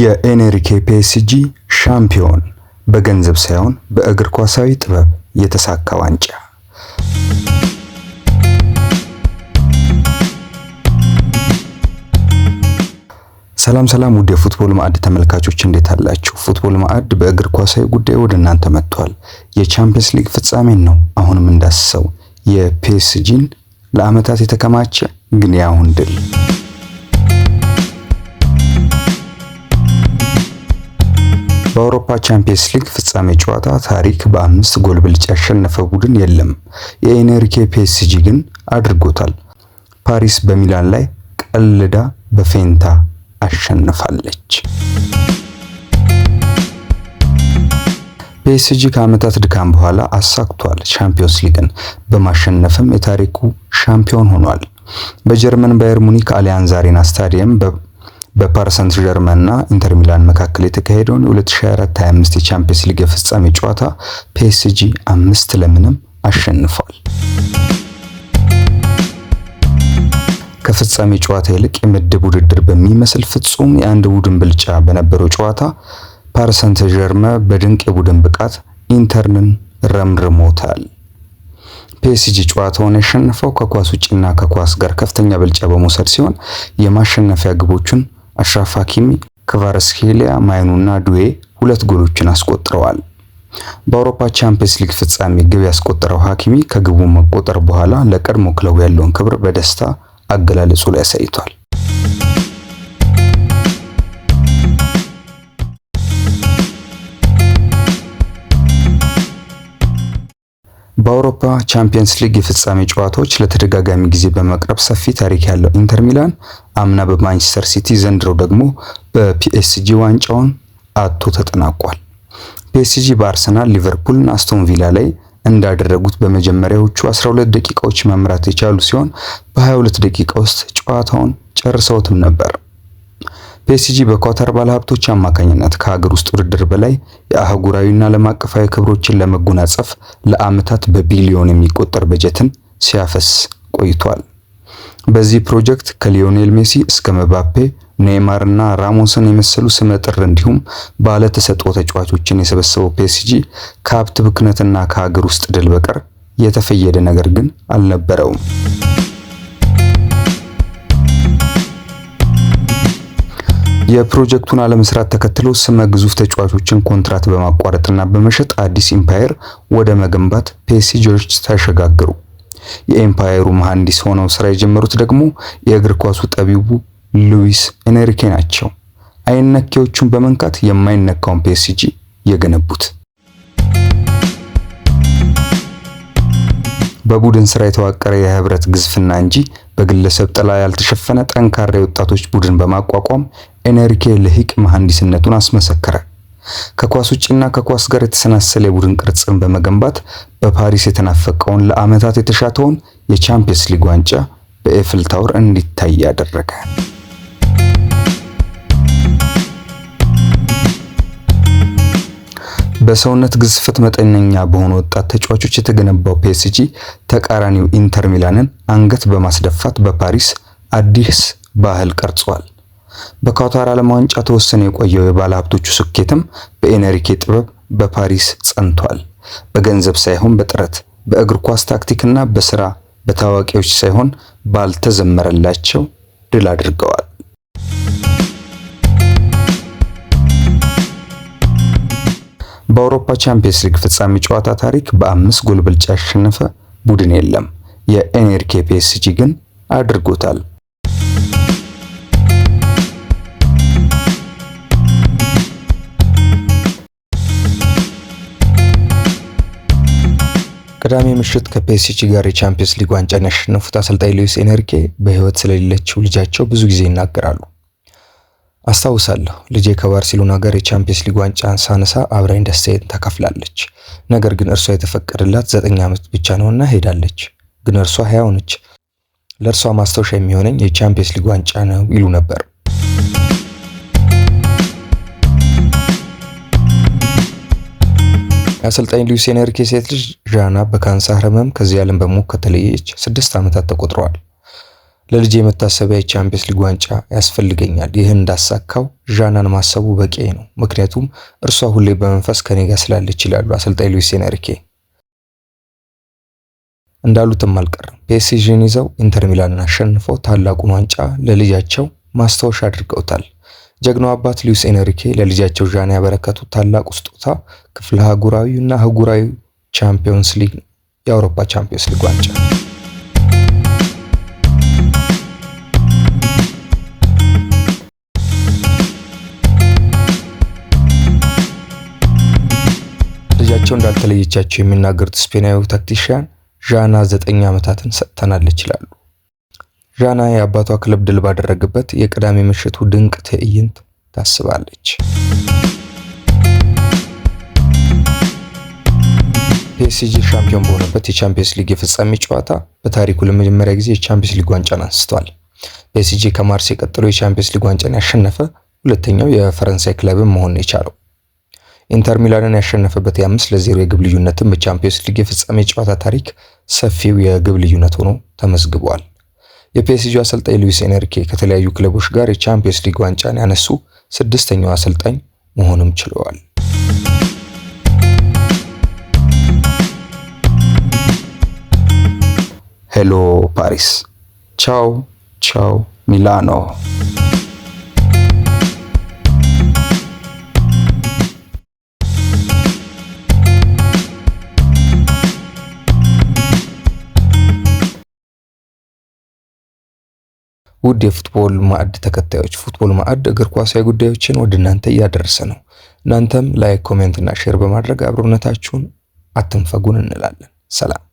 የኤኔሪኬ ፒኤስጂ ሻምፒዮን በገንዘብ ሳይሆን በእግር ኳሳዊ ጥበብ የተሳካ ዋንጫ። ሰላም ሰላም፣ ውድ የፉትቦል ማዕድ ተመልካቾች እንዴት አላችሁ? ፉትቦል ማዕድ በእግር ኳሳዊ ጉዳይ ወደ እናንተ መጥቷል። የቻምፒየንስ ሊግ ፍጻሜን ነው አሁንም እንዳስሰው የፒኤስጂን ለአመታት የተከማቸ ግን ያሁን ድል በአውሮፓ ቻምፒየንስ ሊግ ፍጻሜ ጨዋታ ታሪክ በአምስት ጎል ብልጫ ያሸነፈ ቡድን የለም። የኤነሪኬ ፒኤስጂ ግን አድርጎታል። ፓሪስ በሚላን ላይ ቀልዳ በፌንታ አሸንፋለች። ፒኤስጂ ከዓመታት ድካም በኋላ አሳክቷል ቻምፒዮንስ ሊግን በማሸነፍም የታሪኩ ሻምፒዮን ሆኗል። በጀርመን ባየር ሙኒክ አሊያንዝ አሬና ስታዲየም በፓሪስ ሰንት እና ኢንተር ሚላን መካከል የተካሄደውን የ2024/25 የቻምፒየንስ ሊግ የፍጻሜ ጨዋታ ፒኤስጂ አምስት ለምንም አሸንፏል። ከፍጻሜ ጨዋታ ይልቅ የምድብ ውድድር በሚመስል ፍጹም የአንድ ቡድን ብልጫ በነበረው ጨዋታ ፓሪስ ሰንት በድንቅ የቡድን ብቃት ኢንተርንን ረምርሞታል። ፒኤስጂ ጨዋታውን ያሸነፈው ከኳስ ውጭና ከኳስ ጋር ከፍተኛ ብልጫ በመውሰድ ሲሆን የማሸነፊያ ግቦቹን አሽራፍ ሐኪሚ፣ ማይኑ ማይኑና ዱዌ ሁለት ጎሎችን አስቆጥረዋል። በአውሮፓ ቻምፒየንስ ሊግ ፍጻሜ ግብ ያስቆጠረው ሐኪሚ ከግቡ መቆጠር በኋላ ለቀድሞ ክለቡ ያለውን ክብር በደስታ አገላለጹ ላይ አሳይቷል። በአውሮፓ ቻምፒየንስ ሊግ የፍጻሜ ጨዋታዎች ለተደጋጋሚ ጊዜ በመቅረብ ሰፊ ታሪክ ያለው ኢንተር ሚላን አምና በማንቸስተር ሲቲ ዘንድሮ ደግሞ በፒኤስጂ ዋንጫውን አጥቶ ተጠናቋል። ፒኤስጂ በአርሰናል፣ ሊቨርፑልና አስቶን ቪላ ላይ እንዳደረጉት በመጀመሪያዎቹ 12 ደቂቃዎች መምራት የቻሉ ሲሆን በ22 ደቂቃ ውስጥ ጨዋታውን ጨርሰውትም ነበር። ፒኤስጂ በኳታር ባለሀብቶች አማካኝነት ከሀገር ውስጥ ውድድር በላይ የአህጉራዊና ዓለም አቀፋዊ ክብሮችን ለመጎናጸፍ ለአመታት በቢሊዮን የሚቆጠር በጀትን ሲያፈስ ቆይቷል። በዚህ ፕሮጀክት ከሊዮኔል ሜሲ እስከ መባፔ፣ እና ራሞስን የመሰሉ ስመጥር እንዲሁም ባለ ተሰጥኦ ተጫዋቾችን የሰበሰበው ፒኤስጂ ከሀብት ብክነትና ከሀገር ውስጥ ድል በቀር የተፈየደ ነገር ግን አልነበረውም። የፕሮጀክቱን አለመስራት ተከትሎ ስመ ግዙፍ ተጫዋቾችን ኮንትራት በማቋረጥና በመሸጥ አዲስ ኢምፓየር ወደ መገንባት ፔሲጆች ተሸጋገሩ። የኢምፓየሩ መሐንዲስ ሆነው ስራ የጀመሩት ደግሞ የእግር ኳሱ ጠቢቡ ሉዊስ ኤንሪኬ ናቸው። አይነኬዎቹን በመንካት የማይነካውን ፔሲጂ የገነቡት። በቡድን ስራ የተዋቀረ የህብረት ግዝፍና እንጂ በግለሰብ ጥላ ያልተሸፈነ ጠንካራ የወጣቶች ቡድን በማቋቋም ኤነሪኬ ልሂቅ መሐንዲስነቱን አስመሰከረ። ከኳስ ውጭና ከኳስ ጋር የተሰናሰለ የቡድን ቅርጽን በመገንባት በፓሪስ የተናፈቀውን ለዓመታት የተሻተውን የቻምፒየንስ ሊግ ዋንጫ በኤፍል ታወር እንዲታይ ያደረገ። በሰውነት ግዝፈት መጠነኛ በሆኑ ወጣት ተጫዋቾች የተገነባው ፒኤስጂ ተቃራኒው ኢንተር ሚላንን አንገት በማስደፋት በፓሪስ አዲስ ባህል ቀርጿል። በካታር ዓለም ዋንጫ ተወሰነ የቆየው የባለ ሀብቶቹ ስኬትም በኤነሪኬ ጥበብ በፓሪስ ጸንቷል። በገንዘብ ሳይሆን በጥረት በእግር ኳስ ታክቲክና በስራ በታዋቂዎች ሳይሆን ባልተዘመረላቸው ድል አድርገዋል። በአውሮፓ ቻምፒየንስ ሊግ ፍጻሜ ጨዋታ ታሪክ በአምስት ጎል ብልጫ ያሸነፈ ቡድን የለም። የኤኔሪኬ ፒኤስጂ ግን አድርጎታል። ቅዳሜ ምሽት ከፒኤስጂ ጋር የቻምፒየንስ ሊግ ዋንጫን ያሸነፉት አሰልጣኝ ሉዊስ ኤንሪኬ በህይወት ስለሌለችው ልጃቸው ብዙ ጊዜ ይናገራሉ። አስታውሳለሁ፣ ልጄ ከባርሴሎና ጋር የቻምፒየንስ ሊግ ዋንጫን ሳነሳ አብራኝ ደስታዬን ተካፍላለች። ነገር ግን እርሷ የተፈቀደላት ዘጠኝ ዓመት ብቻ ነውና ሄዳለች። ግን እርሷ ሕያው ነች። ለእርሷ ማስታወሻ የሚሆነኝ የቻምፒየንስ ሊግ ዋንጫ ነው ይሉ ነበር። የአሰልጣኝ ሉዊስ ኤንሪኬ ሴት ልጅ ዣና በካንሰር ህመም ከዚህ ዓለም በሞት ከተለየች ስድስት ዓመታት ተቆጥረዋል። ለልጅ የመታሰቢያ የቻምፒየንስ ሊግ ዋንጫ ያስፈልገኛል። ይህን እንዳሳካው ዣናን ማሰቡ በቂ ነው፣ ምክንያቱም እርሷ ሁሌ በመንፈስ ከኔ ጋር ስላለች ይላሉ አሰልጣኝ ሉዊስ ኤንሪኬ። እንዳሉትም አልቀርም ፒኤስጂን ይዘው ኢንተር ሚላንን አሸንፈው ታላቁን ዋንጫ ለልጃቸው ማስታወሻ አድርገውታል። ጀግናው አባት ሉዊስ ኤንሪኬ ለልጃቸው ዣን ያበረከቱት ታላቁ ስጦታ ክፍለ አህጉራዊና አህጉራዊ ቻምፒዮንስ ሊግ የአውሮፓ ቻምፒዮንስ ሊግ ዋንጫ። ልጃቸው እንዳልተለየቻቸው የሚናገሩት ስፔናዊ ታክቲሽያን ዣና ዘጠኝ ዓመታትን ሰጥተናል ይችላሉ ዣና የአባቷ ክለብ ድል ባደረገበት የቅዳሜ ምሽቱ ድንቅ ትዕይንት ታስባለች። ፒኤስጂ ሻምፒዮን በሆነበት የቻምፒየንስ ሊግ የፍጻሜ ጨዋታ በታሪኩ ለመጀመሪያ ጊዜ የቻምፒየንስ ሊግ ዋንጫን አንስቷል። ፒኤስጂ ከማርስ የቀጥሎ የቻምፒየንስ ሊግ ዋንጫን ያሸነፈ ሁለተኛው የፈረንሳይ ክለብም መሆን የቻለው ኢንተር ሚላንን ያሸነፈበት የአምስት ለዜሮ የግብ ልዩነትም በቻምፒየንስ ሊግ የፍጻሜ ጨዋታ ታሪክ ሰፊው የግብ ልዩነት ሆኖ ተመዝግቧል። የፒኤስጂ አሰልጣኝ ሉዊስ ኤንሪኬ ከተለያዩ ክለቦች ጋር የቻምፒየንስ ሊግ ዋንጫን ያነሱ ስድስተኛው አሰልጣኝ መሆንም ችለዋል። ሄሎ ፓሪስ፣ ቻው ቻው ሚላኖ ውድ የፉትቦል ማዕድ ተከታዮች ፉትቦል ማዕድ እግር ኳሳዊ ጉዳዮችን ወደ እናንተ እያደረሰ ነው። እናንተም ላይክ፣ ኮሜንት እና ሼር በማድረግ አብሮነታችሁን አትንፈጉን እንላለን። ሰላም።